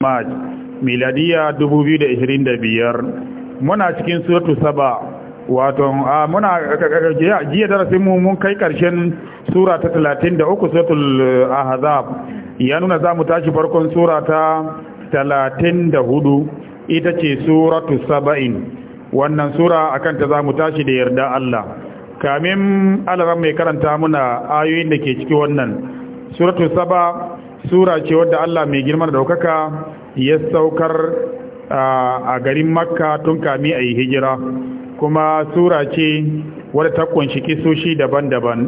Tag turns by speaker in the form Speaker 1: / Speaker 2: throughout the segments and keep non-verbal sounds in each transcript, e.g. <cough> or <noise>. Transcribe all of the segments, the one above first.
Speaker 1: Maj, miladiya biyar muna cikin suratu saba, wato, muna jiya darasin mu mun kai ƙarshen Sura ta 33 suratul eh, Ahzab, ya nuna za mu tashi farkon Sura ta hudu ita ce suratu saba'in, wannan Sura akan ta za mu tashi da yarda Allah. Kamin alaran mai karanta muna ayoyin da ke ciki wannan, suratu saba sura ce wadda Allah mai girma da daukaka ya saukar a garin makka tun kami a yi hijira kuma sura ce wadda ta kunshi kisoshi daban-daban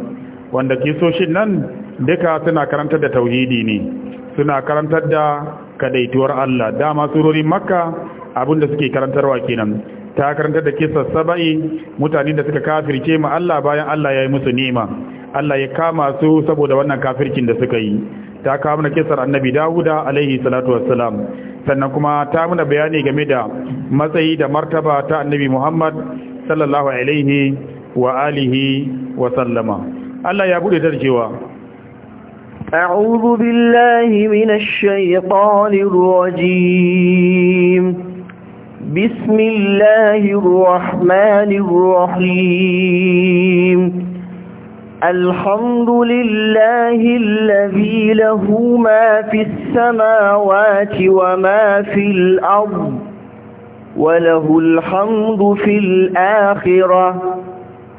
Speaker 1: wanda kisoshin nan duka suna karantar da tauhidi ne suna karantar da kadaituwar Allah dama surorin makka abinda suke karantarwa kenan ta karantar da kisar saba'i mutane da suka kafirce ma Allah bayan Allah ya yi musu nema Allah ya kama su saboda wannan kafircin da suka yi ta kawo mana kisar annabi dawuda alaihi salatu wassalam sannan kuma ta muna bayani game da matsayi da martaba ta annabi muhammad sallallahu alaihi wa alihi wa sallama allah ya bude tarjewa
Speaker 2: أعوذ بالله من الشيطان الرجيم بسم الله الرحمن الرحيم الحمد لله الذي له ما في السماوات وما في الأرض وله الحمد في الآخرة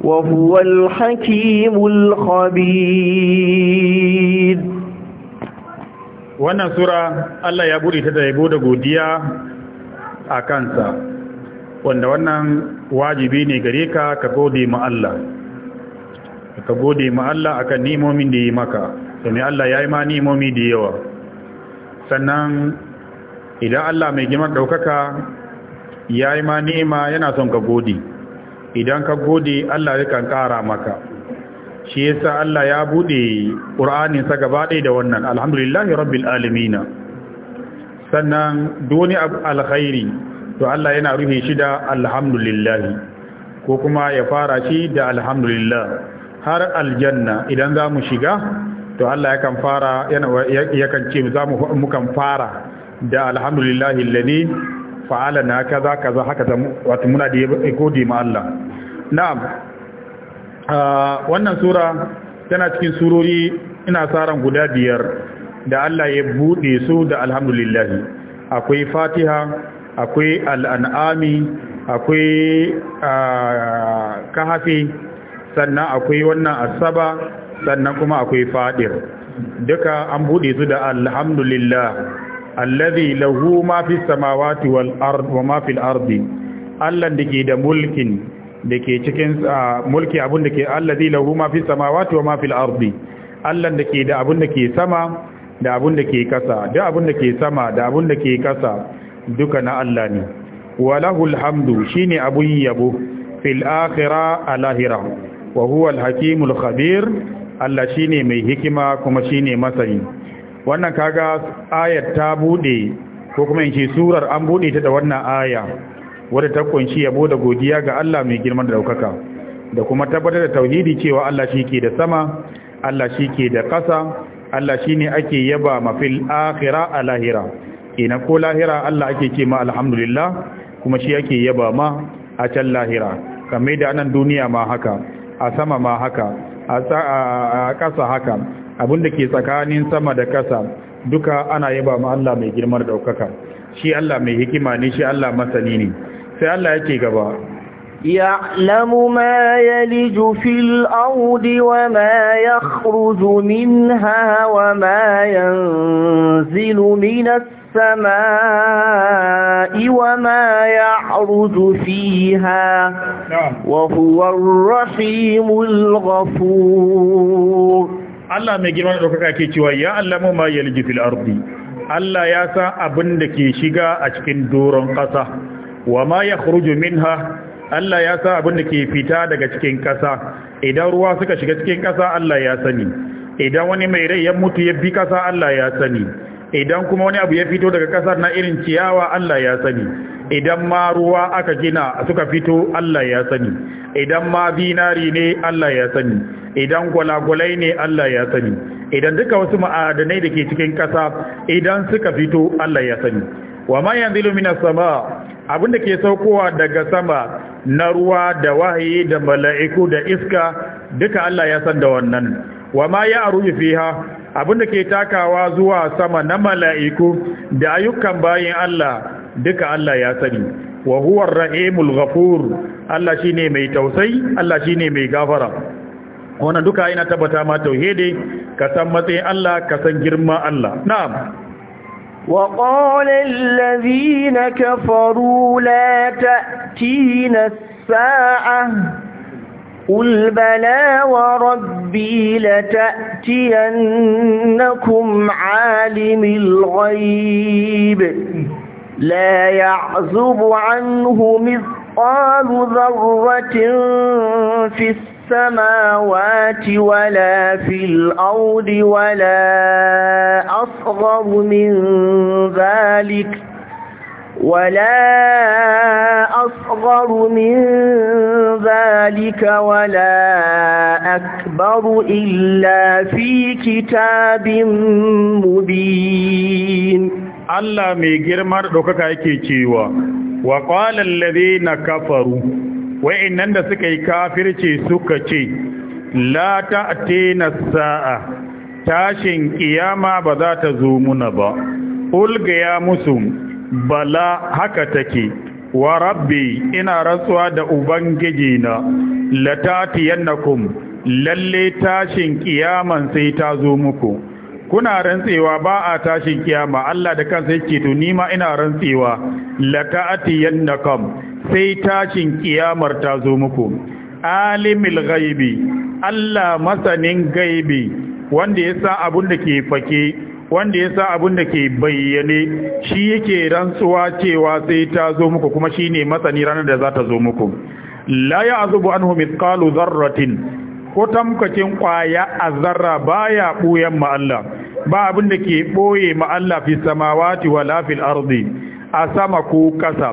Speaker 2: وهو الحكيم
Speaker 1: الخبير wannan sura Allah ya buɗe ta da yabo da godiya a kansa wanda wannan wajibi ne gare ka ka gode ma Allah ka gode ma Allah akan nimomin da yi maka domin Allah ya yi ma nimomi da yawa sannan idan Allah mai gimar ɗaukaka ya yi ma nima yana son ka gode idan ka gode Allah ya kan ƙara maka shi yasa Allah ya buɗe ƙur'aninsa gaba ɗaya da wannan alhamdulillah rabbil alamina sannan duni alkhairi to Allah yana rufe shi da alhamdulillah, ko kuma ya fara shi da alhamdulillah har aljanna idan za mu shiga to Allah yakan fara yakan ce za mu kan fara da alhamdulillahi alladhi fa'ala na kaza kaza haka da wato muna da gode ma Allah na'am ah, wannan sura tana cikin surori ina tsaron guda biyar da Allah ya buɗe su da alhamdulillahi akwai fatiha akwai al'an'ami akwai ah, kahafi sannan akwai wannan asaba sannan kuma akwai fadir duka an bude su da alhamdulillah allazi lahu ma fi samawati wal ard wa ma fil ardi Allah dake da mulkin dake cikin mulki abun dake allazi lahu ma fi samawati wa ma fil ardi Allah dake da abun dake sama da abun dake kasa da abun dake sama da abun dake kasa duka na Allah ne wa lahul hamdu shine abun yabo fil akhirah alahirah wa huwa al-hakimul khabir Allah shine mai hikima kuma shine masani wannan kaga ayat ta bude ko kuma in ce surar an bude ta da wannan aya wadda ta kunshi yabo da godiya ga Allah mai girman daukaka da kuma tabbatar da tauhidi cewa Allah shi ke da sama Allah shi ke da ƙasa Allah shi ake yaba mafil akhira a lahira ina ko lahira Allah ake ce ma alhamdulillah kuma shi ake yaba ma a can lahira kamar da anan duniya ma haka a sama ma haka a ƙasa haka abinda ke tsakanin sama da ƙasa duka ana yaba ma Allah mai girmar ɗaukaka shi Allah mai hikima ne shi Allah masani ne sai Allah yake gaba
Speaker 2: يعلم ما يلج في الأرض وما يخرج منها وما ينزل من السماء السماء وما يعرج فيها
Speaker 1: وهو الرحيم الغفور الله mai girman dokaka ke cewa ya mu ma yalji fil ardi Allah ya san abin da ke shiga a cikin doron ƙasa wa ma yakhruju minha Allah ya san abin da ke fita daga cikin ƙasa idan ruwa suka shiga cikin ƙasa Allah ya sani idan wani mai rai ya mutu ya bi ƙasa Allah ya sani idan kuma wani abu ya fito daga kasar na irin ciyawa Allah ya sani idan ma ruwa aka gina suka fito Allah ya sani idan ma binari ne Allah ya sani idan gwalagwalai ne Allah ya sani idan duka wasu ma'adanai da ke cikin kasa idan suka fito Allah ya sani wa ma yanzu lumina sama abinda ke saukowa daga sama na ruwa da wahayi da mala'iku da iska duka Allah ya san da wannan wa ma ya aruji fiha abinda ke takawa zuwa sama na mala'iku da ayyukan bayan Allah duka Allah ya sani wa huwar rahimul ghafur Allah shi ne mai tausayi Allah shi ne mai gafara wannan duka yana tabbata ma tauhidi ka san matsayin Allah ka san girma Allah na'am
Speaker 2: وقال الذين قل بلى وربي لتأتينكم عالم الغيب لا يعزب عنه مثقال ذرة في السماوات ولا في الأرض ولا أصغر من ذلك ولا أصغر من ذلك ولا أكبر إلا
Speaker 1: في كتاب مبين Allah mai girmar ɗaukaka yake cewa, wa ƙwalar lade na kafaru, wa'innan da suka yi kafirce suka ce, La ta'ate na sa'a, tashin ƙiyama ba za ta zo muna ba, ulga musu, bala haka take wa rabbi ina rantsuwa da ubangiji na latatiyannakum lalle tashin kiyaman sai ta zo muku kuna rantsewa ba a tashin kiyama Allah da kansa yake to ni ma ina rantsewa latatiyannakum sai tashin kiyamar ta zo muku alimul ghaibi Allah masanin gaibi wanda ya sa abun da ke fake wanda ya sa abin da ke bayyane shi yake rantsuwa cewa sai ta zo muku kuma shi ne matsani ranar da za ta zo muku la ya azubu an hu kalu zarratin ko tamkacin kwaya a zarra baya ya ma Allah ba abin da ke ɓoye ma Allah fi samawati wala lafil arzi a sama ko kasa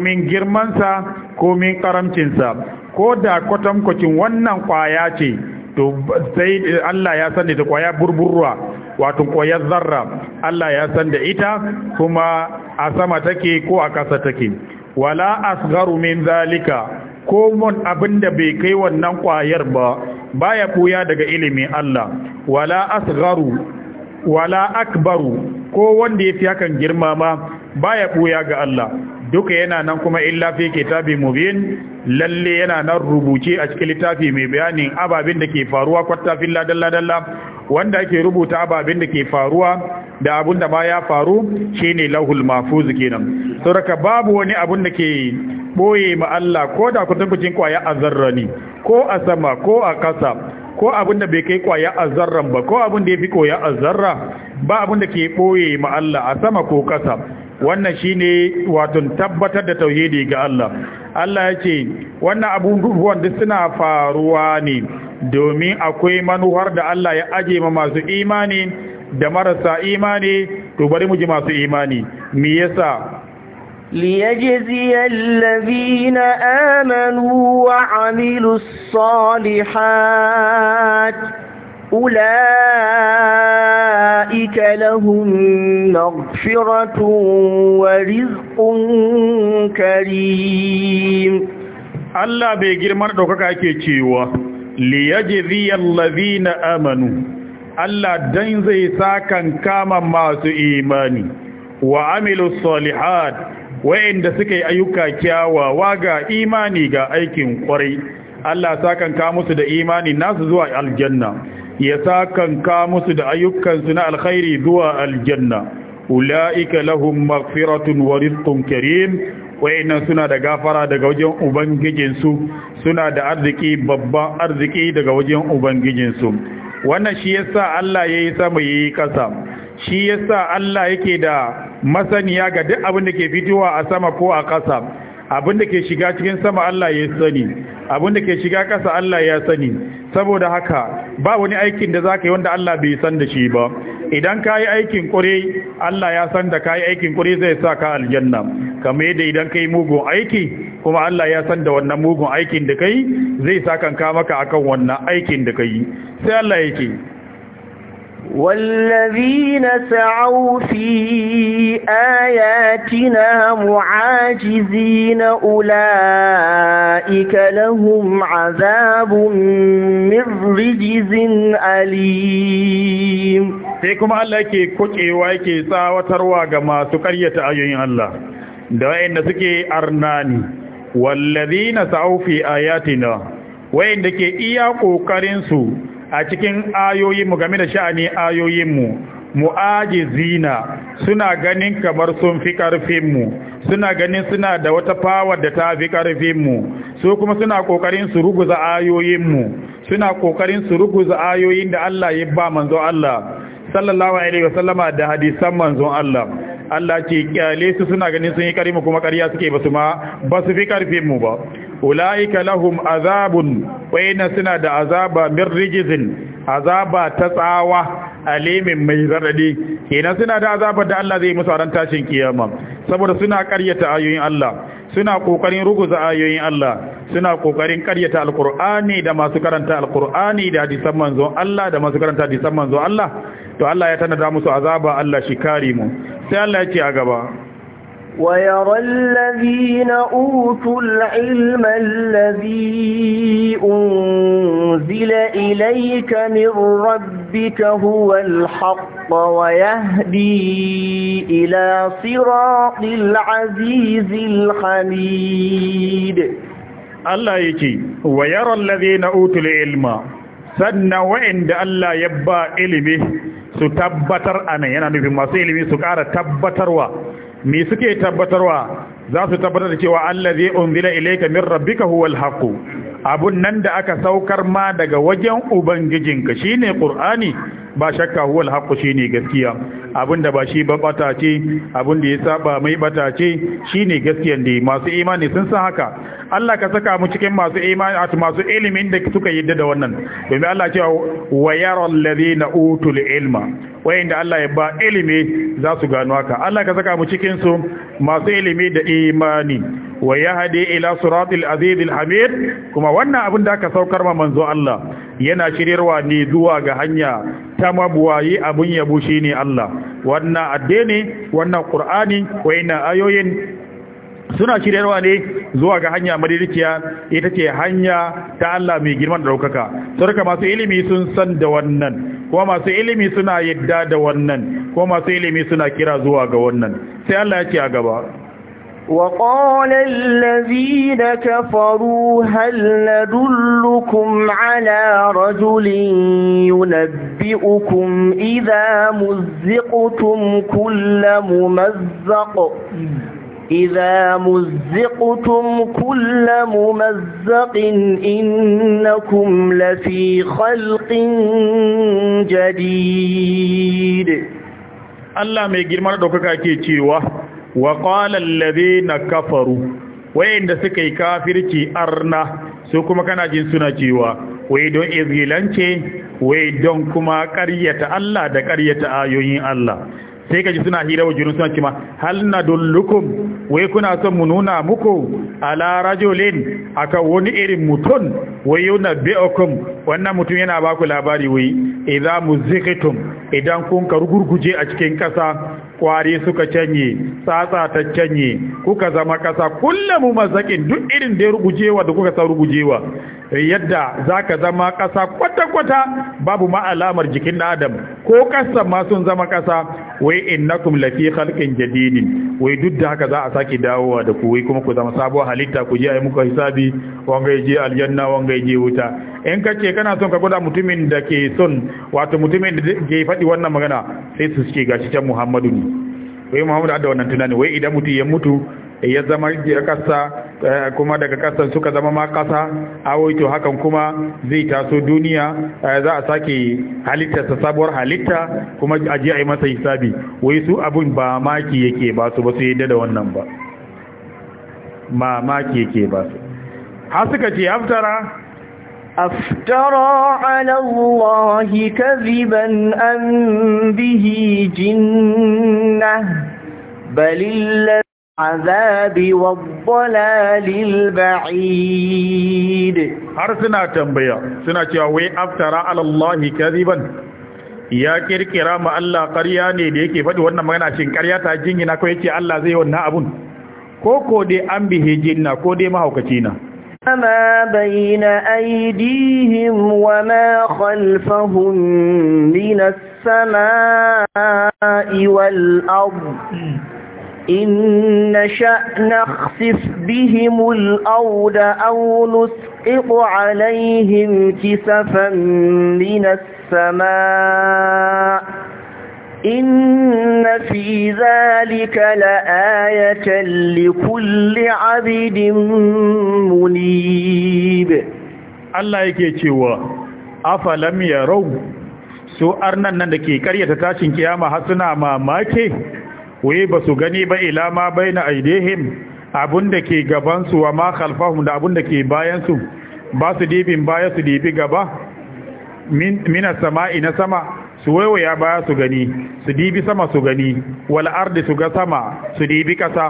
Speaker 1: min girmansa ko min karamcinsa ko da kwatankwacin wannan kwaya ce to sai Allah ya sani da kwaya burburwa wato koyar zarra Allah ya san da ita kuma a sama take ko a kasa take wala asgharu min zalika ko mun abinda bai kai wannan kwayar ba baya koya daga ilimi Allah wala asgharu wala akbaru ko wanda yafi hakan girma ma baya koya ga Allah duka yana nan kuma illa fi kitabi mubin lalle yana nan rubuce a cikin littafi mai bayanin ababin da ke faruwa kwatta filla dalla dalla wanda ake rubuta ababen da ke faruwa da abun da ma ya faru shine lahul mahfuz kenan sauraka babu wani abun da ke boye ma Allah ko da kutunkucin kwaya ne, ko a sama ko a kasa ko abun da bai kai kwaya azarran ba ko abun da yafi koya zarra. ba abun da ke boye ma Allah a sama ko kasa wannan shine watan tabbatar da tauhidi ga Allah Allah ya ce wannan abubuwan duk suna faruwa ne domin akwai manuhar da Allah ya aje ma masu imani da marasa imani to bari mu ji masu imani me yasa liyajziyallazina
Speaker 2: amanu wa amilus salihat ulaika lahum maghfiratun
Speaker 1: wa rizqun karim Allah bai girmar ɗaukaka yake cewa liyajziya allazina amanu Allah dan zai sakan kama masu imani wa amilu salihat wa'inda suka yi ayyuka kyawawa ga imani ga aikin kwarai Allah sakan kama musu da imani nasu zuwa aljanna ya sakan kama musu da ayyukansu na alkhairi zuwa aljanna ula'ika lahum maghfiratun wa rizqun karim wa'innan suna da gafara daga wajen ubangijinsu suna da arziki babban arziki daga wajen ubangijinsu wannan shi yasa Allah ya yi sama ya yi ƙasa shi yasa Allah yake da masaniya ga duk abin da ke fitowa a sama ko a ƙasa Abin da ke shiga cikin sama Allah ya sani abin da ke shiga ƙasa Allah ya sani saboda haka ba wani aikin da zaka yi wanda Allah bai san da shi ba idan kayi aikin kure Allah ya san da kayi aikin kure zai sa ka aljanna kamar yadda idan kai mugun aiki kuma Allah ya san da wannan mugun aikin da kai zai sa kanka maka akan wannan aikin da kai sai Allah yake والذين سعوا في
Speaker 2: آياتنا معاجزين أولئك لهم عذاب من رجز
Speaker 1: أليم sai kuma Allah yake kokewa ke tsawatarwa ga masu karyata ayoyin Allah da wayanda suke arnani wallazina sa'u fi ayatina wayanda ke iya ƙoƙarinsu. a cikin ayoyinmu game da sha'ani ayoyinmu mu'ajizina suna ganin kamar sun fi ƙarfinmu suna ganin suna da wata fawar da ta fi ƙarfinmu su kuma suna ƙoƙarin su ruguza ayoyinmu suna ƙoƙarin su ruguza ayoyin da Allah ya ba manzo Allah sallallahu alaihi wa sallama da hadisan manzo Allah Allah ce kyale suna ganin sun yi ƙarfi kuma ƙarya suke ba su ma ba su fi ƙarfinmu ba ulaika lahum azabun wayna suna da azaba min rijizin azaba ta tsawa alimin mai radadi kenan suna da azaba da Allah zai musu ran tashin kiyama saboda suna ƙaryata ayoyin Allah suna kokarin ruguza ayoyin Allah suna kokarin karyata alqur'ani da masu karanta alqur'ani da hadisan manzo Allah da masu karanta hadisan manzo Allah to Allah ya tanada musu azaba Allah shi mu sai Allah ya ce a gaba
Speaker 2: ويرى الذين أوتوا العلم الذي أنزل إليك من ربك هو الحق ويهدي إلى
Speaker 1: صراط العزيز الحميد الله يكي ويرى الذين أوتوا العلم سنة وعند Allah يبا ba ستبتر أنا ينبي في مصير yana سكارة تبتر ilimi me suke tabbatarwa za su tabbatar da cewa allazi unzila ilayka min rabbika huwal haqq abun nan da aka saukar ma daga wajen ubangijinka shine qur'ani ba shakka huwa alhaqu shine gaskiya da ba shi ba bata ce da ya saba mai bata ce shine gaskiya ne masu imani sun san haka Allah ka saka mu cikin masu imani masu ilimin da suka yadda da wannan domin Allah cewa wa yaral ladina utul ilma wayanda Allah ya ba ilimi za su gano haka Allah ka saka mu cikin su masu ilimi da imani wa yahdi ila siratil azizil hamid kuma wannan abin da aka saukar ma manzo Allah yana shiryarwa ne zuwa ga hanya ta mabuwayi abun yabo shine Allah wannan addini wannan qur'ani wayannan ayoyin suna shiryarwa ne zuwa ga hanya madirikiya ita ce hanya ta Allah mai girman daukaka sarka masu ilimi sun san da wannan kuma masu ilimi suna yadda da wannan kuma masu ilimi suna kira zuwa ga wannan sai Allah ya ce a gaba
Speaker 2: وقال الذين كفروا هل ندلكم على رجل ينبئكم إذا مزقتم كل ممزق إذا مزقتم كل ممزق إنكم لفي خلق
Speaker 1: جديد الله ما يجرمنا دوكاكي تيوه wa qala alladhina kafaru wayanda suka yi kafirci arna su kuma kana jin suna cewa wai don izgilance wai don kuma ƙaryata Allah da ƙaryata ayoyin Allah sai ka ji suna hira wa jirin suna cima hal na dullukum wai kuna son mu nuna muku ala a akan wani irin mutum wai yau na bi'akum wannan mutum yana baku labari wai idan mu zikitun idan kun ka gurguje a cikin kasa kwari suka canye tsatsa ta canye kuka zama kasa kullamu mazaƙin duk irin da rugujewa da kuka sa rugujewa yadda zaka zama kasa kwata-kwata babu ma alamar jikin adam ko kasa ma sun zama kasa wai innakum lafi khalqin jadidin wai duk da haka za a saki dawowa da ku wai kuma ku zama sabuwar halitta ku je ayi muku hisabi wanga je aljanna wanga je wuta in kace kana son ka gwada mutumin da ke son wato mutumin da ke faɗi wannan magana sai su ce gashi can Muhammadu ne wai Muhammadu da wannan tunani wai idan mutu ya mutu ya zama kasa, eh, kuma daga kasa suka zama ma ƙasa awaito hakan kuma zai taso duniya eh, za a sake halitta sa sabuwar halitta kuma a je a yi masa hisabi wai su abun ba maki yake ba su ba su yi da wannan ba maki yake ba su Ha suka
Speaker 2: ce aftara أفترى على الله كذبا أم به جنة بل
Speaker 1: الذي العذاب والضلال البعيد har suna tambaya suna cewa wai aftara ala Allah kadiban ya kirkira ma Allah ƙarya ne da yake faɗi wannan magana shin ƙarya ta jingina ko yace Allah zai wannan abun ko ko dai an bihe jinna ko dai mahaukaci na wa
Speaker 2: بين أيديهم وما خلفهم من السماء والأرض إن نشأ نخسف بهم الأرض أو نسقط عليهم كسفا من السماء إن في ذلك لآية لكل عبد منيب
Speaker 1: الله yake cewa afalam yarau su arnan nan dake karyata tashin ƙiyama har suna mamake wai ba su gani ba ila ma baina aidehim abun da ke gabansu wa ma khalfahum da abun da ke bayansu ba su dibin baya su dibi gaba mina sama'i na sama su waiwaya baya su gani su dibi sama su gani wal ardi su ga sama su dibi kasa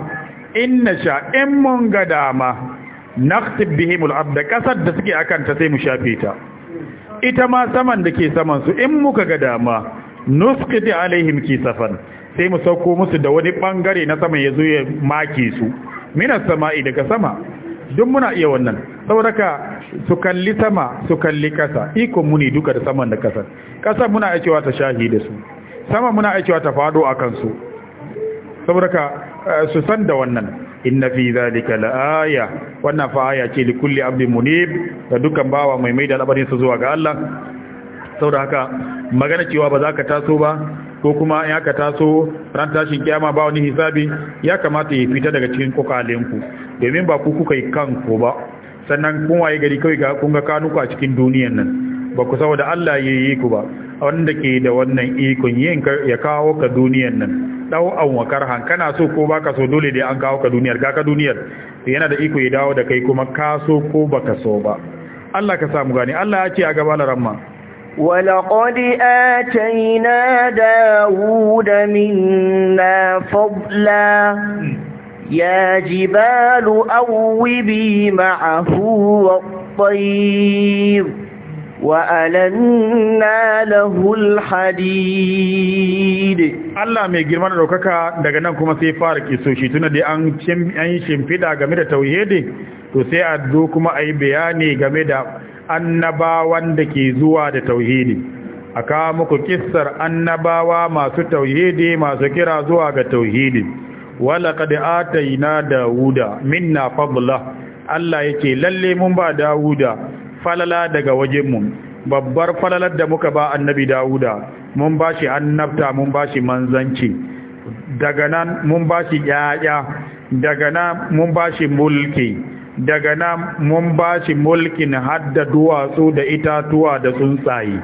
Speaker 1: inna sha in mun ga dama naqtib al abda kasar da suke akan ta sai mu shafe ta ita ma saman da ke saman su in muka ga dama nusqiti alaihim kisafan sai mu sauko musu da wani bangare na sama ya zo ya make su minas sama'i daga sama duk muna iya wannan saboda ka su kalli sama su kalli kasa iko muni duka da saman da kasa kasa muna aikewa ta shahi da su sama muna aikewa ta fado a kansu saboda ka eh, su san da wannan inna fi zalika laaya wannan fa aya ce likulli abdi munib da dukan bawa mai mai da labarin su zuwa ga Allah saboda haka magana cewa ba za ka taso ba ko kuma in aka taso ran tashin kiyama ba wani hisabi ya kamata ya fita daga cikin kokalinku domin ba ku kuka yi kanku ba sannan kun waye gari kawai kun ga kanuku a cikin duniyan nan ba ku saboda Allah ya yi ku ba wanda ke da wannan ikon yin ya kawo ka duniyan nan dau an wakar han kana so ko baka so dole dai an kawo ka duniyar ga ka duniyar yana da iko ya dawo da kai kuma ka so ko baka so ba Allah ka samu gani Allah ya ce a gaba ramma
Speaker 2: ولقد آتينا داود منا فضلا يا جبال أوبي معه والطير وألنا له
Speaker 1: الحديد الله mai girman daukaka daga nan kuma sai fara kisoshi tuna da an an shimfida game da tauhidi to sai a zo kuma ayi bayani game da annabawan da ke zuwa da tauhidi a kawo muku kissar annabawa masu tauhidi masu kira zuwa ga tauhidi wala yi ataina dawuda minna fabula Allah ya ce lalle mun ba dawuda falala daga wajenmu babbar falalar da muka ba annabi dawuda mun ba shi annabta mun ba shi manzanci daga nan mun ba shi yaya daga nan mun ba shi mulki daga na mun ba shi mulkin hadda duwatsu da itatuwa da tsuntsaye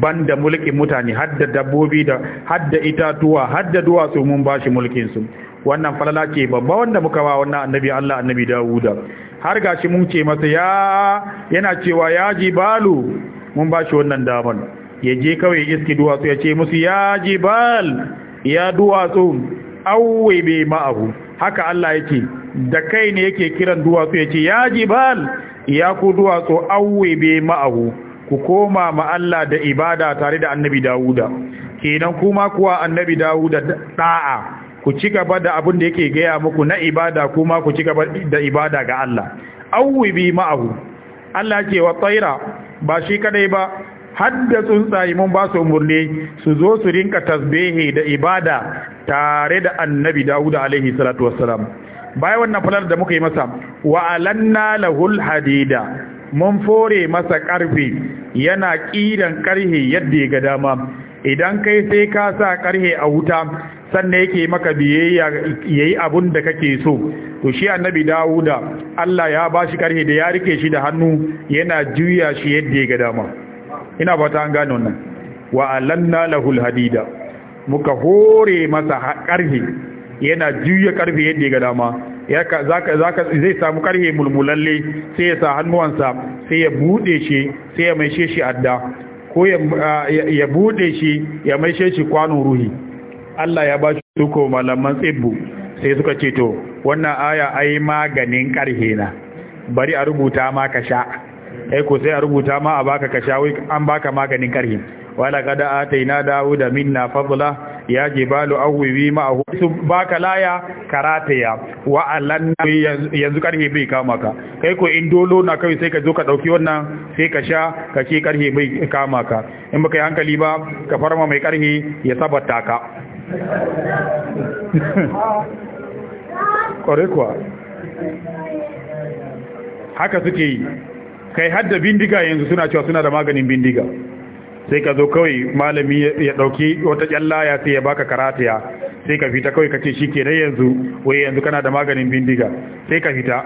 Speaker 1: banda mulkin mutane hadda dabbobi da hadda itatuwa hadda duwatsu mun ba shi mulkinsu wannan falala ce babba wanda muka ba wannan annabi Allah annabi Dawuda har gashi mun ce masa ya yana cewa ya jibalu mun ba shi wannan daman ya je kawai iski duwatsu ya ce musu ya jibal ya duwatsu awwe bi ma'ahu haka Allah yake da kai ne yake kiran duwatsu ya ce ya jibal ya ku duwatsu auwe be ma'ahu ku koma ma Allah da ibada tare da annabi Dawuda kenan kuma kuwa annabi Dawuda da'a ku ci gaba da abin da yake gaya muku na ibada kuma ku ci gaba da ibada ga Allah auwe be ma'ahu Allah ce wa tsaira ba shi kadai ba hadda tsuntsaye mun ba su umurni su zo su rinka tasbihi da ibada tare da annabi Dawuda alaihi salatu wassalam bayan wannan falar da muka yi masa wa alanna lahul hadida mun fore masa karfe yana kiran karhe yadda ga dama idan kai sai ka sa karhe a wuta sannan yake maka biyayya yayi abun da kake so to shi annabi Dawuda Allah ya bashi karhe da ya rike shi da hannu yana juya shi yadda ga dama ina fata an gane wannan wa alanna lahul hadida muka hore masa karhe yana juya karfe yadda ya ga dama zai samu karfe mulmulalle sai ya sa hannuwansa sai ya bude shi sai ya mai shi adda ko ya bude shi ya mai shi kwanon ruhi Allah ya ba shi suko malaman tsibbu sai suka ce to wannan aya ai maganin karfe na bari a rubuta ma ka sha ai ko sai a rubuta ma a baka ka sha wai an baka maganin karhe wala kada ataina da minna fadla ya jibalu awwi ma'ahu su baka laya karataya wa alanna yanzu karhe bai kama ka kai ko in dolo na kai sai ka zo ka dauki wannan sai ka sha ka ce karhe bai kama ka in baka yi hankali ba ka farma mai karhe ya sabata ka kore kuwa haka suke yi kai hadda bindiga yanzu suna cewa suna da maganin bindiga sai ka zo kawai malami ya dauki wata kyallaya sai ya baka karatiya sai ka fita kawai kace shikenan yanzu wai yanzu kana da maganin bindiga sai ka fita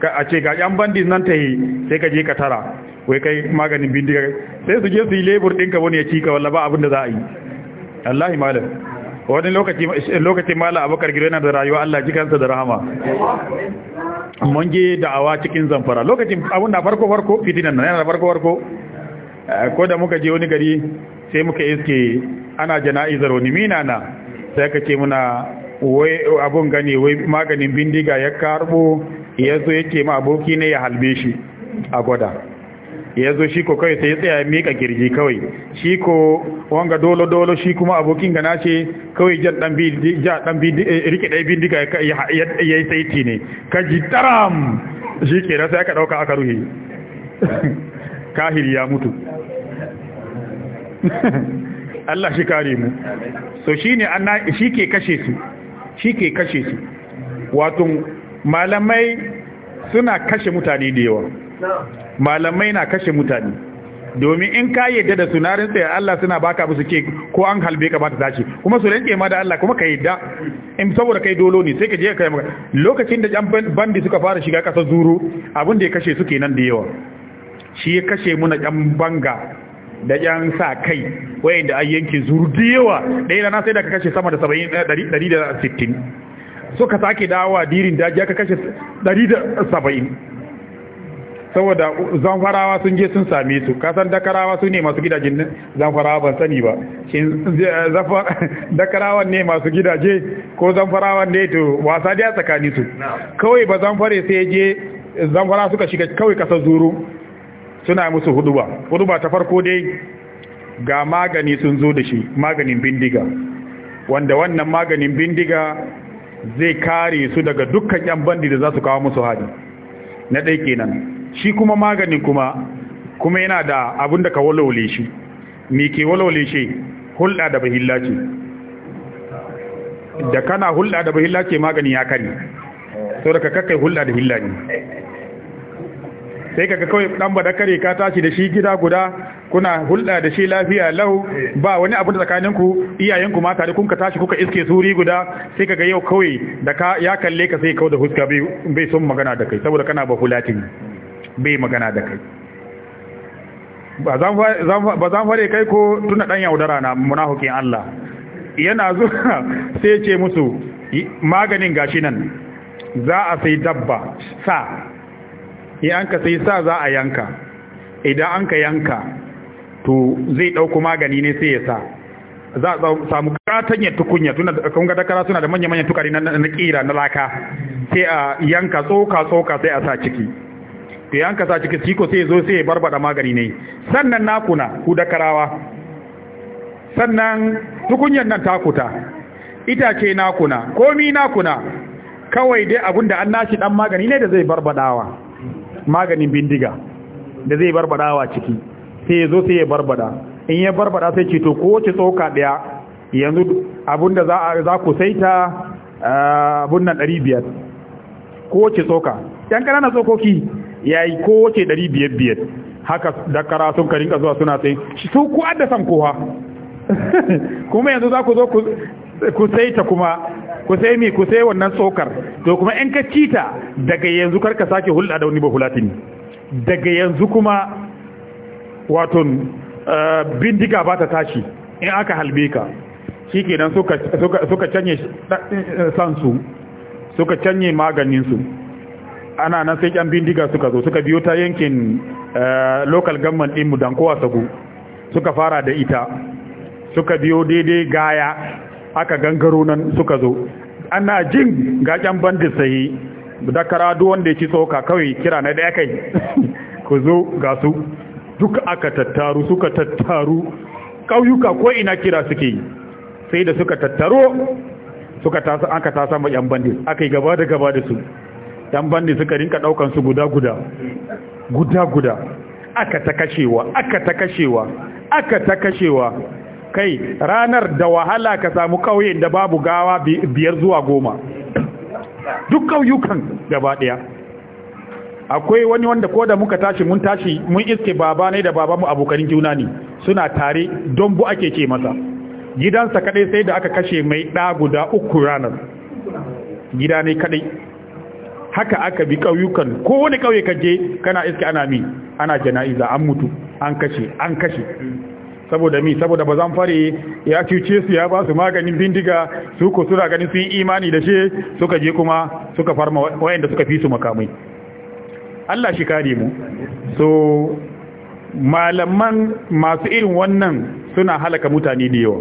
Speaker 1: ka a ce ga yan bandit nan tahi sai ka je ka tara wai kai maganin bindiga sai su je su yi lebur dinka wani ya cika wallaba ba abin da za a yi wallahi malam wani lokaci lokaci malam abakar gire na da rayuwa Allah ji kansa da rahama mun je da'awa cikin zamfara lokacin abin da farko farko fitinan nan yana da farko farko Eh, ko da muka je wani gari sai muka iske ana jana'izar wani mina na sai ka ce muna wai abun gani wai maganin bindiga ya karbo ya zo ya ce ma aboki ne ya halbe shi a gwada ya zo shi ko kawai sai ya tsaya mika girji kawai shi ko wanga dolo dolo shi kuma abokin gana ce kawai jan dan bi ja dan bi eh, rike dai bindiga ya yi saiti ne kaji taram shi ke sai aka dauka aka ruhi <laughs> kahir ya mutu Allah shi kare mu so shine anna shi ke kashe su shi ke kashe su wato malamai suna kashe mutane da yawa malamai na kashe mutane domin in ka yadda da sunarin sai Allah suna baka musu ke ko an halbe ka bata tashi kuma su rinke ma da Allah kuma ka yadda in saboda kai dolo ne sai ka je ka kai maka lokacin da jan bandi suka fara shiga kasar zuru abin da ya kashe su kenan da yawa shi ya kashe muna yan banga da yan sa kai wayanda an yanke zurdiyawa ɗaya rana sai da ka kashe sama da 160 eh, ka sake dawa dirin daji aka kashe 170 saboda zamfarawa sun je sun same su kasan dakarawa su ne masu gidajen zamfarawa ban sani ba shi eh, <laughs> dakarawan ne masu gidaje ko zanfarawan ne to wasa da tsakani su kawai ba zanfare sai je zamfara suka shiga kawai kasar zuru suna musu huduba huduba ta farko dai ga magani sun zo da shi maganin bindiga wanda wannan maganin bindiga zai kare su daga dukkan yan bandi da za su kawo musu hadi na ɗai kenan shi kuma maganin kuma kuma yana da abin da ka walwale shi me ke walwale shi hulɗa da bahilla ce da kana hulɗa da bahilla ce magani ya kare sau da ka kakkai hulɗa da hilla sai kaga kawai dan badakare ka tashi da shi gida guda kuna hulɗa da shi lafiya lau ba wani abu da tsakanin ku iyayen ku ma tare kun ka tashi kuka iske suri guda sai kaga yau kawai da ka ya kalle ka sai kawai da huska bai son magana da kai saboda kana ba hulatin bai magana da kai ba zan fare kai ko tuna dan yaudara na munafikin Allah yana zuwa sai ce musu maganin gashi nan za a sai dabba sa an ka sai sa za a yanka idan an ka yanka to zai ɗauko magani ne sai ya sa za a samu katon ya tukunya da kunga da dakara suna da manya-manyan tukari na kira na laka sai a yanka tsoka-tsoka sai a sa ciki to yanka sa ciki ciko sai zo sai ya barbada magani ne sannan nakuna ku dakarawa sannan tukunyar nan takuta itace nakuna komi nakuna kawai dai abinda an nashi dan magani ne da zai barbadawa maganin bindiga da zai wa ciki sai ya zo sai ya barbada in ya barbada sai ce to wace tsoka daya yanzu abinda za a za ku saita eh, abun nan 500 wace tsoka yan kanana tsokoki yayi wace 500 biyar haka da karatun ka rinka zuwa suna sai su ku addasan kowa <laughs> kuma yanzu za ku zo ku saita kuma ku sai mi ku sai wannan tsokar to kuma in ka cita daga yanzu kar ka sake hulɗa da wani bafulatini daga yanzu kuma wato eh, bindiga ba ta tashi in aka halbe ka shi ke suka suka canye eh, sansu suka canye maganinsu ana nan sai kyan bindiga suka zo suka biyo ta yankin eh, local government ɗinmu don kowa sagu suka fara da ita suka biyo daidai gaya aka gangaro nan suka zo ana jin gaƙen bandit sai da karado wanda ya ci tsoka kawai kira na ɗaya kai <laughs> ku zo ga su duk aka tattaru suka tattaru ƙauyuka ko ina kira suke sai da suka tattaro suka tasa aka tasa ma yan bandit aka yi gaba da gaba da su yan bandit suka rinka ɗaukan su guda guda guda guda aka ta kashewa aka ta kashewa aka ta kashewa kai ranar da wahala ka samu kauyen da babu gawa biyar zuwa goma duk ƙauyukan gaba ɗaya akwai wani wanda ko da muka tashi mun tashi mun iske baba ne da babanmu abokanin juna ne suna tare don bu ake ce masa gidansa kadai sai da aka kashe mai ɗa guda uku ranar gida ne kadai haka aka bi ƙauyukan ko wani ƙauye ka je kana iske ana mi ana jana'iza an mutu an kashe an kashe saboda mi saboda ba zan fare ya cuce su ya ba su maganin bindiga su ko su ganin sun imani da shi suka je kuma suka farma wayanda suka fi su makamai Allah shi kare mu so malaman masu irin wannan suna halaka mutane da yawa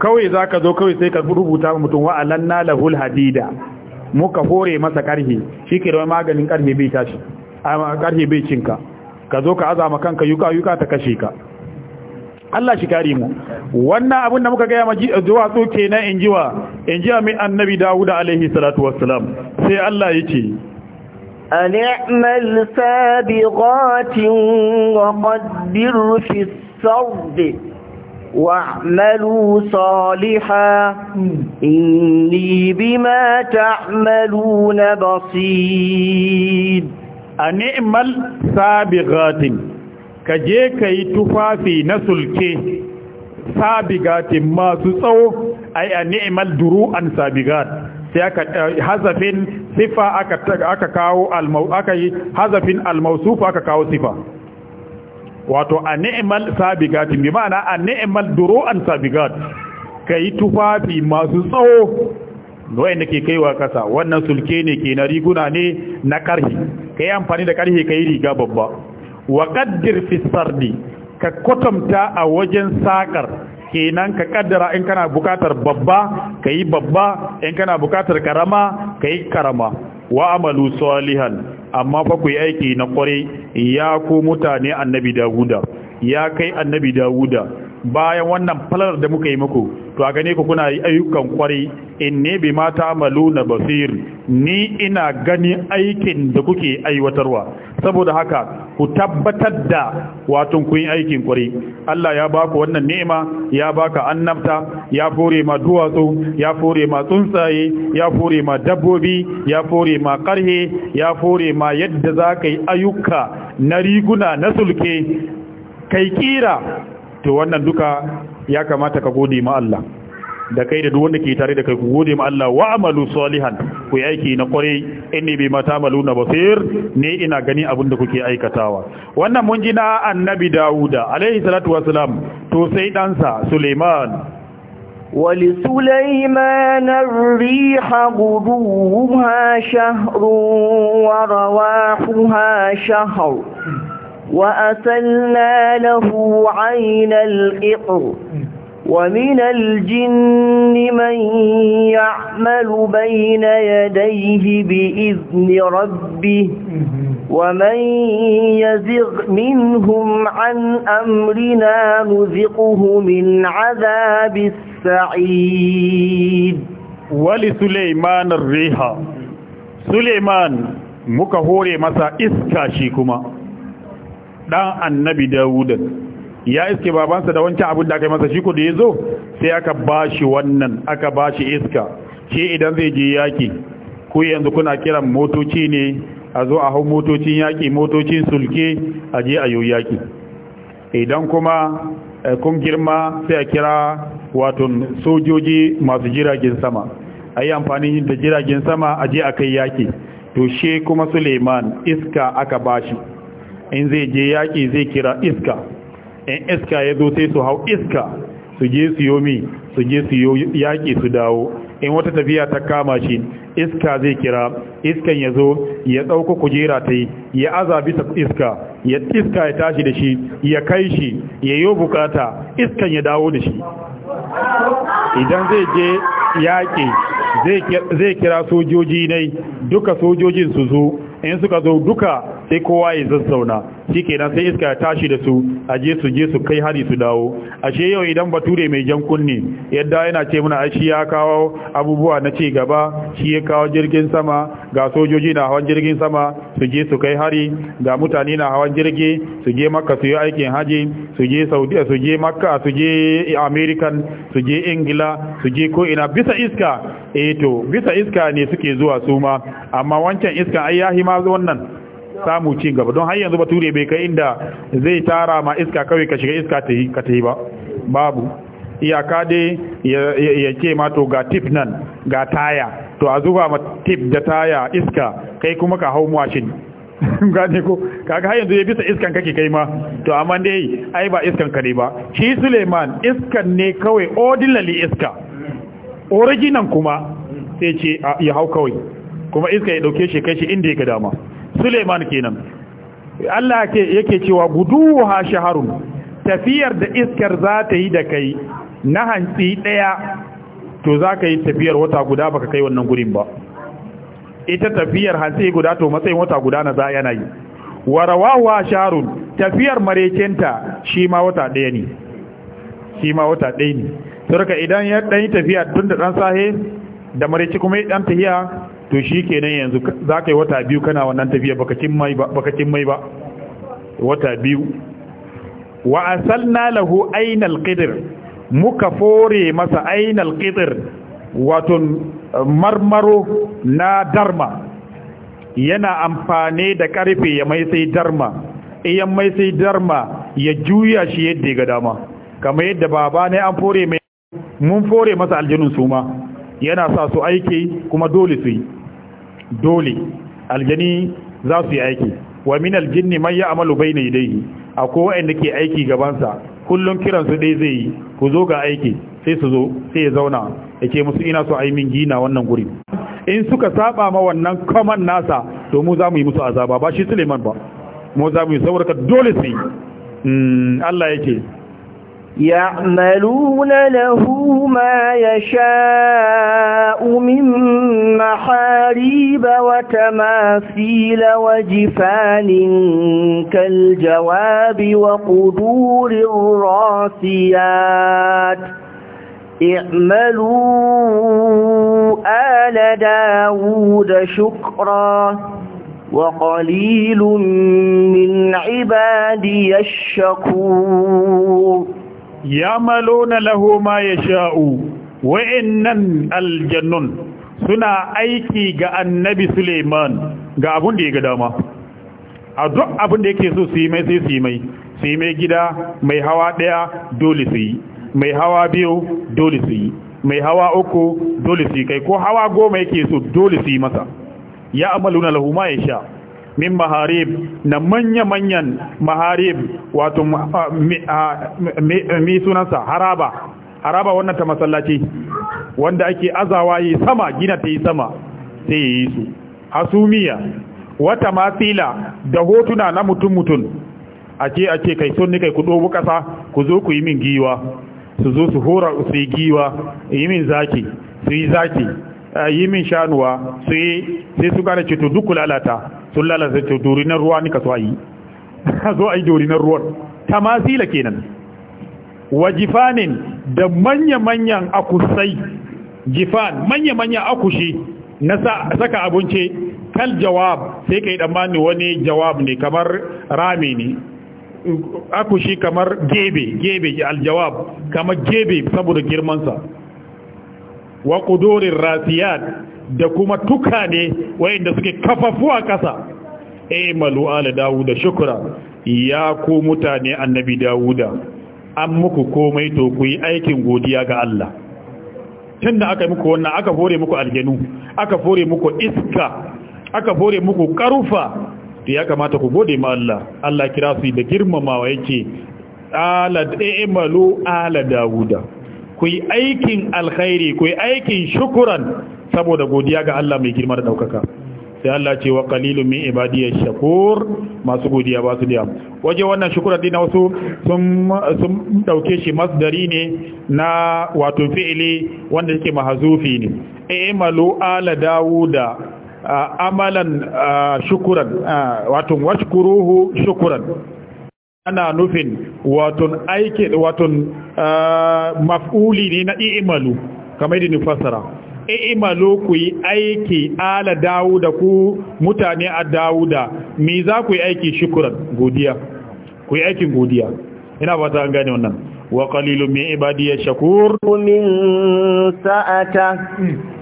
Speaker 1: kawai zaka zo kawai sai ka rubuta mutum wa alanna lahul hadida muka hore masa karhi shi ke da maganin karhi bai tashi a karhi bai cinka ka zo ka azama kanka yuka yuka ta kashe ka Allah shi kare mu wannan abin da muka gaya zuwa duwatsu kenan in jiwa in jiwa mai annabi Dawud alaihi salatu wassalam sai Allah yake
Speaker 2: an sabiqatin wa qaddir fi as-sard wa'malu salihan inni bima
Speaker 1: ta'maluna basir an sabiqatin ka je ka yi tufafi na sulke sabigatin masu tsawo ai a ni'imal duru an sabigat sai aka eh, hazafin sifa aka kawo aka yi hazafin almausufa aka kawo sifa wato a ni'imal sabigatin bi ma'ana a ni'imal duru an sabigat ka yi tufafi masu tsawo da ke kaiwa kasa wannan sulke ne ke na riguna ne na karhi ka yi amfani da karhi ka yi riga babba wa qaddir fi sardi ka kwatanta a wajen sakar kenan ka kaddara in kana bukatar babba ka yi babba in kana bukatar karama ka yi karama wa amalu salihan amma fa ku yi aiki na kwarai ya ku mutane annabi dawuda ya kai annabi dawuda bayan wannan falar da muka yi muku to a gane ku kuna yi ayyukan kwari bi mata bima maluna basir ni ina gani aikin da kuke aiwatarwa saboda haka ku tabbatar da wato ku yi aikin kwari Allah ya baku wannan ni'ima ya baka annabta ya fore ma duwatsu ya fore ma tsuntsaye ya fore ma dabbobi ya fore ma karhe ya fore ma yadda za ka yi ayyuka na riguna na sulke kai kira to wannan duka ya kamata ka gode ma Allah da kai da duk wanda ke tare da kai ku gode ma Allah wa amalu salihan ku yi aiki na kwarai inni bi na basir ne ina gani abin da kuke aikatawa wannan mun ji na annabi Dawuda alaihi salatu wassalam to sai dansa Suleiman
Speaker 2: ولسليمان الريح غدوها شهر ورواحها شهر وأسلنا له عين القطر ومن الجن من يعمل بين يديه بإذن ربه ومن يزغ منهم عن أمرنا نذقه من
Speaker 1: عذاب السعيد ولسليمان الريح سليمان muka hore masa iska shi kuma dan annabi dawud ya iske babansa da wancan abin da aka yi masa shi ko da ya zo sai aka bashi wannan aka bashi iska shi idan zai je yaki ko yanzu kuna kiran motoci ne a zo a hau motocin yaki motocin sulke a je a yaki idan kuma eh, kun girma sai a kira wato sojoji masu jiragen sama a yi amfani da jiragen sama a je a kai yaki to she kuma suleiman iska aka bashi in zai je yaƙi zai kira iska in iska ya zo sai su hau iska su je su yomi su je su yaƙi su dawo in wata tafiya ta kama shi iska zai kira iskan ya zo ya ɗauko kujera ta yi ya aza bisa iska ya iska ya tashi da shi ya kai shi ya yi bukata iskan ya dawo da shi idan zai je yaƙi zai kira sojoji nai duka sojojin su zo in suka zo duka sai kowa ya zazzauna shi kenan sai iska ya tashi da su a je su je su kai hari su dawo ashe yau idan bature mai jan kunne yadda yana ce muna ai ya kawo abubuwa na cigaba gaba shi ya kawo jirgin sama ga sojoji na hawan jirgin sama su je su kai hari ga mutane na hawan jirgi su je makka su yi aikin haji su je saudi su je makka su je american su je ingila su je ko ina bisa iska eh to bisa iska ne suke zuwa su ma amma wancan iska ai yahi ma wannan samu ci gaba don har yanzu ture bai kai inda zai tara ma iska kawai ka shiga iska ka ta yi ba babu iyaka dai ya ce ma to ga tip nan ga taya to a zuba ma tip da taya iska kai kuma ka hau mashin <laughs> gane ko kaga har yanzu ya bisa iskan kake kai ma to amma dai ai ba iskan ka ne ba shi Suleiman iskan ne kawai ordinary iska original kuma sai ce ya hau kawai kuma iska ya dauke shi kai shi inda yake dama Suleiman kenan Allah yake cewa guduha shaharun tafiyar da iskar za ta yi da kai na hantsi daya to za ka yi tafiyar wata guda baka kai wannan gurin ba ita tafiyar hantsi guda to matsayin wata guda na za yana yi wa rawawa shaharun tafiyar marekenta, shi ma wata daya ne shi ma wata daya ne sarka idan ya dan yi tafiya tun da dan sahe da mareci kuma ya dan tafiya to shi kenan yanzu za ka yi wata biyu kana wannan tafiya baka cin mai ba wata biyu wa asalna lahu ainal qidr muka fore masa ainal qidr wato marmaro na darma yana amfane da karfe ya mai sai darma iyan mai sai darma ya juya shi yadda ga dama kamar yadda baba ne an fore mai mun fore masa aljanun suma yana sa su aiki kuma dole su yi dole aljani za su yi aiki wa min aljinni man ya'malu bayna yadayhi akwai wanda ke aiki gabansa kullun kiran su dai zai yi ku zo ga aiki sai su zo sai ya zauna yake musu ina so ai min gina wannan guri in suka saba ma wannan kaman nasa to mu za mu yi musu azaba ba shi Suleiman ba mu za mu yi saboda dole sai hmm, Allah yake يعملون
Speaker 2: له ما يشاء من محاريب وتماثيل وجفان كالجواب وقدور الراسيات اعملوا آل داود شكرا وقليل من
Speaker 1: عبادي الشكور Ya malona lahu ma yasha'u wa'annan aljannun suna aiki ga annabi Suleiman ga abun da ya ga dama a duk abun da yake so su yi mai sai su yi mai su yi mai gida mai hawa ɗaya dole su yi mai hawa biyu dole su yi mai hawa uku dole su yi kai ko hawa goma yake so dole su yi masa ya amaluna lahu ma sha. min maharib na manya-manyan maharib wato sunansa haraba haraba wannan ta masallaci wanda ake azawa yi sama gina ta yi sama sai yi su hasumiya wata matsila da hotuna na mutum-mutum a ce a ce kai sun kai ku ɗobu ƙasa ku zo ku yi min giwa su zo su hora su yi giwa yi min zaki su yi zaki Eh, yi min shanuwa sai su gane ce to duk lalata sun lalata to dorinar ruwa ka so ayi so <laughs> ayi dorinar ruwan tamasila kenan wajifanin da manya-manyan akusai jifan manya-manyan akushi na saka abinci kal jawab sai kai damani wani jawab ne kamar rami ne akushi kamar gebe gebe aljawab kamar gebe saboda girmansa wa kudurin rasiyat da kuma tuka ne wayanda suke kafafuwa kasa eh, malu ala dawuda shukra ya ku mutane annabi dawuda an muku komai to ku yi aikin godiya ga Allah tun aka yi muku wannan aka fore muku aljanu aka fore muku iska aka fore muku karufa da ya kamata ku gode ma Allah Allah kira su da girmamawa yake ala da eh, ala dawuda ku yi aikin alkhairi ku yi aikin shukuran saboda godiya ga Allah mai girma da daukaka sai Allah ce wa qalilun min ibadiyash shakur masu godiya ba su da waje wannan shukura din wasu sun sun dauke shi masdari ne na wato fi'ili wanda yake mahzufi ne imalu ala dauda amalan shukuran wato washkuruhu shukuran ana nufin watun aiki watun ah, maf'uli ne na i'malu kamar yadda fasara. i'malu ku yi aiki ala dawuda ku mutane a dawuda me za ku yi aiki shukran godiya ku yi aikin godiya ina ba ta gane wannan wa qalilun min ibadiyash shakur
Speaker 2: min sa'ata hmm.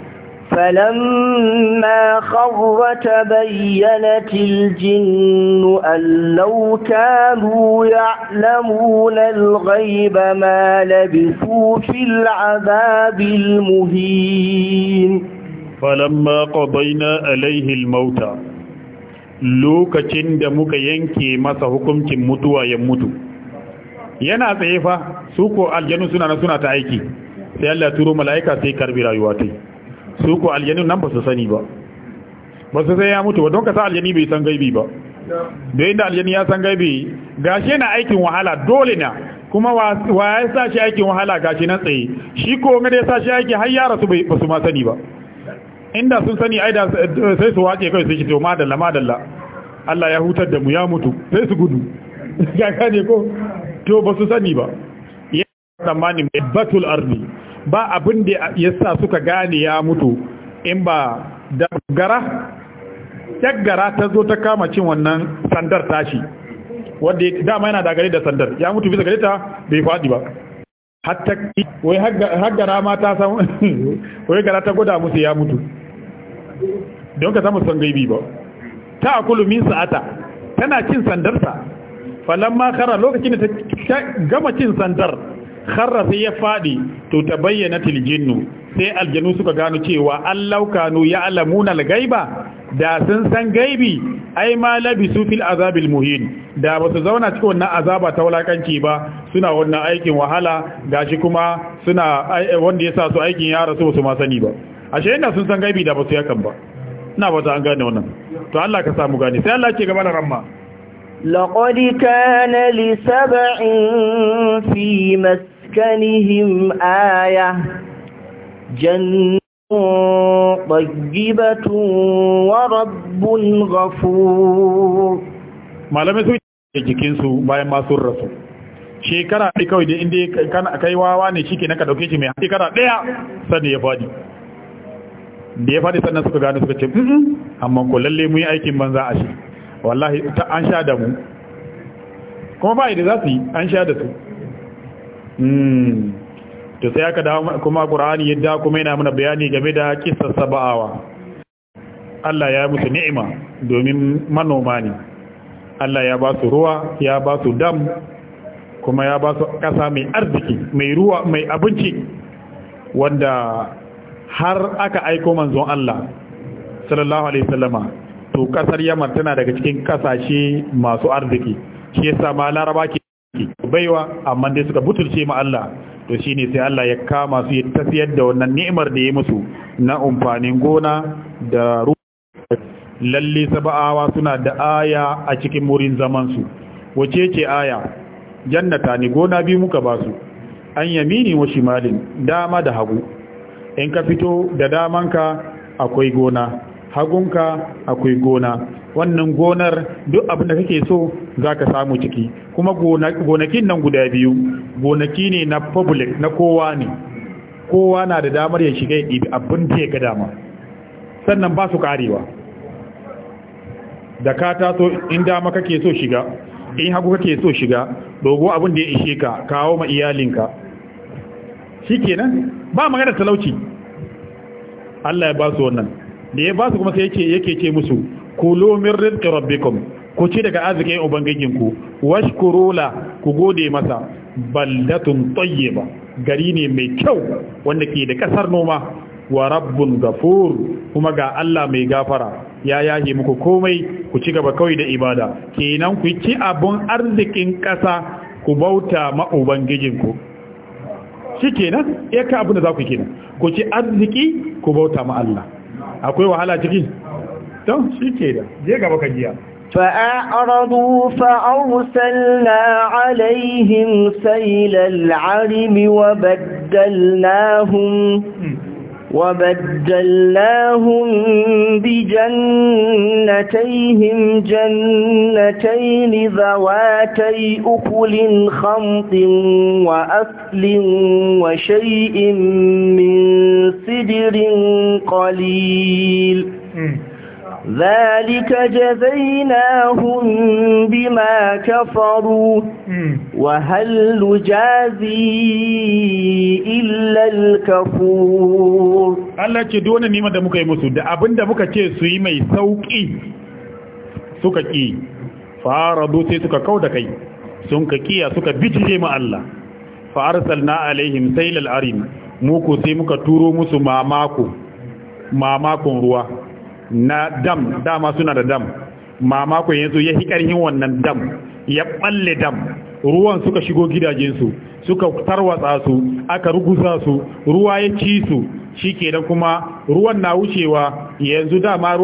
Speaker 2: فلما خر تبينت الجن أن لو كانوا يعلمون الغيب ما لبثوا في العذاب المهين
Speaker 1: فلما قضينا عليه الموت lokacin da muka yanke masa hukuncin mutuwa ya mutu yana tsaye fa su ko aljanu suna na suna ta aiki sai Allah turo mala'ika sai karbi rayuwa ta su ko aljanin nan ba su sani ba ba su sai ya mutu ba don ka sa aljani bai san gaibi ba da inda aljani ya san gaibi gashi na aikin wahala dole na kuma wa ya sa shi aikin wahala gashi nan tsaye shi ko ga da ya sa shi aiki har yara su ba su ma sani ba inda sun sani ai da sai su wace kai su shi to madalla madalla Allah ya hutar da mu ya mutu sai su gudu <laughs> ga ne ko to ba su sani ba ya tsammanin batul ardi ba abin da yasa suka gane ya mutu in ba gara daggara ta zo ta kama cin wannan sandar tashi wadda dama yana da gare da sandar ya mutu bisa gare ta bai faɗi ba hatta wai haggara ma ta san <laughs> wai gara ta gwada musu ya mutu don ka samu sangai gaibi ba ta akulu min sa'ata tana cin sandarsa falamma kara lokacin da ta gama cin sandar kharra sai ya faɗi, to ta bayyana tiljinnu sai aljanu suka gano cewa an laukanu ya'lamuna al-ghaiba da sun san gaibi ai ma labisu fil azabil muhin da ba su zauna cikin wannan azaba ta wulakanci ba suna wannan aikin wahala gashi kuma suna wanda ya sa su aikin ya rasu su ma sani ba ashe inda sun san gaibi da ba su yakan ba ina ba ta an gane wannan to Allah ka samu gane sai Allah ke gaba da ramma لقد
Speaker 2: كان لسبع fi مسجد مسكنهم آية جنة طيبة
Speaker 1: ورب غفور malamai su ke jikinsu bayan masu rasu shekara ɗai kawai da inda kai wawa ne shi ke naka ka ɗauke shi mai shekara ɗaya sannan ya faɗi da ya faɗi sannan suka gano suka ce amma ko lalle mu yi aikin banza a shi wallahi an sha da mu kuma ba da za su yi an sha da su Hmm. to sai aka dawo kuma qur'ani yadda kuma yana mana bayani game da kissar sab'awa Allah ya musu ni'ima domin manoma ne Allah ya ba su ruwa ya ba su dam kuma ya ba su ƙasa mai arziki mai ruwa mai abinci wanda har aka aiko manzon Allah sallallahu alaihi wasallama to kasar yamma tana daga cikin kasashe masu arziki shi yasa ma Laraba ke baiwa amma dai suka butulce ma Allah to shine sai Allah ya kama su ya tafiyar da wannan ni'imar da ya musu na umfanin gona da lalle saba'awa suna da aya a cikin murin zaman su wace ce aya jannata ne gona bi muka ba su an yamini wa shimalin dama da hagu in ka fito da damanka akwai gona hagunka akwai gona wannan gonar duk abin da kake so za ka samu ciki kuma gonakin nan guda biyu gonaki ne na public na kowa ne kowa na da damar ya shiga ya ɗibi abin da ya ga dama sannan ba su karewa da ka taso in dama kake so shiga in hagu kake so shiga dogo abin da ya ishe ka kawo ma iyalinka shi kenan ba magana talauci Allah ya ba su wannan da ya ba su kuma sai yake ce musu kulu min rizqi rabbikum ku ci daga arzikin ubangijinku washkuru la ku gode masa baldatun tayyiba gari ne mai kyau wanda ke da kasar noma wa rabbun gafur kuma ga Allah mai gafara ya yahi muku komai ku ci gaba kawai da ibada kenan ku ci abun arzikin kasa ku bauta ma ubangijinku shi kenan ya ka abu da za ku kenan ku ci arziki ku bauta ma Allah akwai wahala ciki
Speaker 2: فأعرضوا فأرسلنا عليهم سيل العرم وبدلناهم وبدلناهم بجنتيهم جنتين ذواتي أكل خمط وأكل وشيء من سدر قليل ذلك جزيناهم بما
Speaker 1: كفروا وهل نجازي إلا الكفور Allah ce dole nima da muka yi musu da abinda muka ce su yi mai sauki suka ki faradu sai suka kau da kai sun ka kiya suka bijire ma Allah fa arsalna alaihim sailal arim muku sai muka turo musu mamako mamakon ruwa na dam dama suna da dam mamakon yanzu ya hikarhin wannan dam ya balle dam ruwan suka shigo gidajensu suka tarwatsa su aka rugusa su ruwa ya ci su shi kuma ruwan na wucewa yanzu dama